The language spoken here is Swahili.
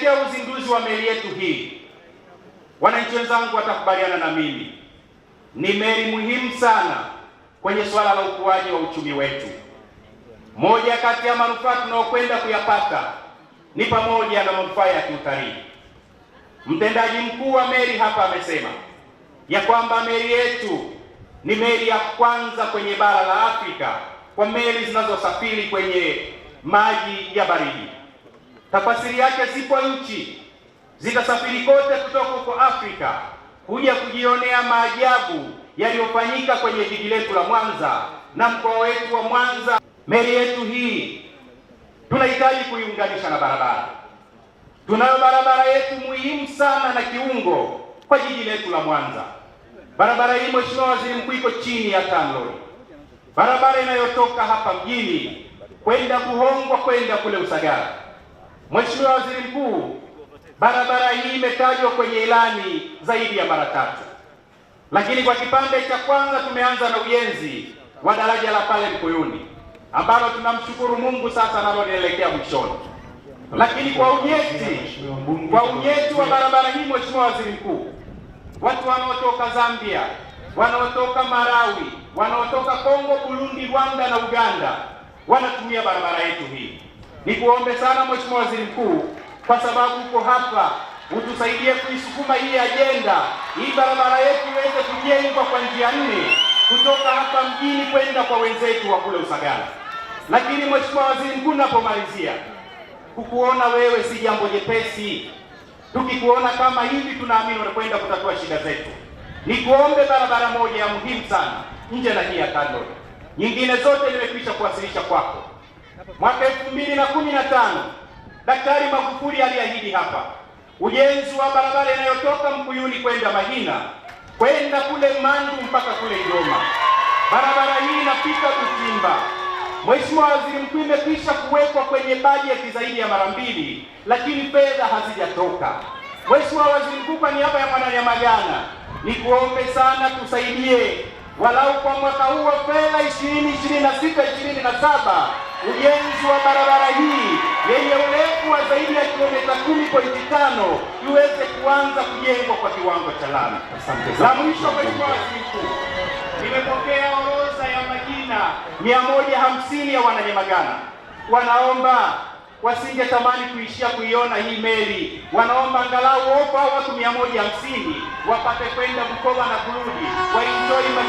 kusherehekea uzinduzi wa meli yetu hii, wananchi wenzangu watakubaliana na mimi, ni meli muhimu sana kwenye suala la ukuaji wa uchumi wetu. Moja kati ya manufaa tunayokwenda kuyapata ni pamoja na manufaa ya kiutalii. Mtendaji mkuu wa meli hapa amesema ya kwamba meli yetu ni meli ya kwanza kwenye bara la Afrika kwa meli zinazosafiri kwenye maji ya baridi. Tafasiri yake zipo nchi zitasafiri kote kutoka huko Afrika kuja kujionea maajabu yaliyofanyika kwenye jiji letu la Mwanza na mkoa wetu wa Mwanza. Meli yetu hii tunahitaji kuiunganisha na barabara. Tunayo barabara yetu muhimu sana na kiungo kwa jiji letu la Mwanza. Barabara hii Mheshimiwa Waziri Mkuu, iko chini ya TANROADS, barabara inayotoka hapa mjini kwenda Buhongwa kwenda kule Usagara. Mheshimiwa Waziri Mkuu, barabara hii imetajwa kwenye ilani zaidi ya mara tatu, lakini kwa kipande cha kwanza tumeanza na ujenzi wa daraja la pale Mkuyuni ambalo tunamshukuru Mungu sasa nalo linaelekea mwishoni, lakini kwa ujenzi kwa ujenzi wa barabara hii Mheshimiwa Waziri Mkuu, watu wanaotoka Zambia, wanaotoka Malawi, wanaotoka Kongo, Burundi, Rwanda na Uganda wanatumia barabara yetu hii Nikuombe sana Mheshimiwa Waziri Mkuu, kwa sababu uko hapa, utusaidie kuisukuma hii ajenda, hii barabara yetu iweze kujengwa kwa njia nne kutoka hapa mjini kwenda kwa wenzetu wa kule Usagara. Lakini Mheshimiwa Waziri Mkuu, napomalizia, kukuona wewe si jambo jepesi. Tukikuona kama hivi, tunaamini unakwenda kutatua shida zetu. Nikuombe barabara moja ya muhimu sana nje na hii ya nyingine zote nimekwisha kuwasilisha kwako mwaka elfu mbili na kumi na tano Daktari Magufuli aliahidi hapa ujenzi wa barabara inayotoka Mkuyuni kwenda Mahina kwenda kule Mandu mpaka kule Joma. Barabara hii inapita Butimba. Mheshimiwa Waziri Mkuu, imekwisha kuwekwa kwenye bajeti zaidi ya mara mbili, lakini fedha hazijatoka. Mheshimiwa Waziri Mkuu, kwa niaba ya Mwananyamagana ni kuombe sana tusaidie walau kwa mwaka huu wa fedha na saba ujenzi wa barabara hii yenye urefu wa zaidi ya kilomita kumi pointi tano iweze kuanza kujengwa kwa kiwango cha lami. La mwisho, Mheshimiwa Waziri Mkuu, nimepokea orodha ya majina mia moja hamsini ya Wananyamagana wanaomba wasingetamani kuishia kuiona hii meli, wanaomba angalau opa watu mia moja hamsini wapate kwenda Bukoba na kurudi wainjoi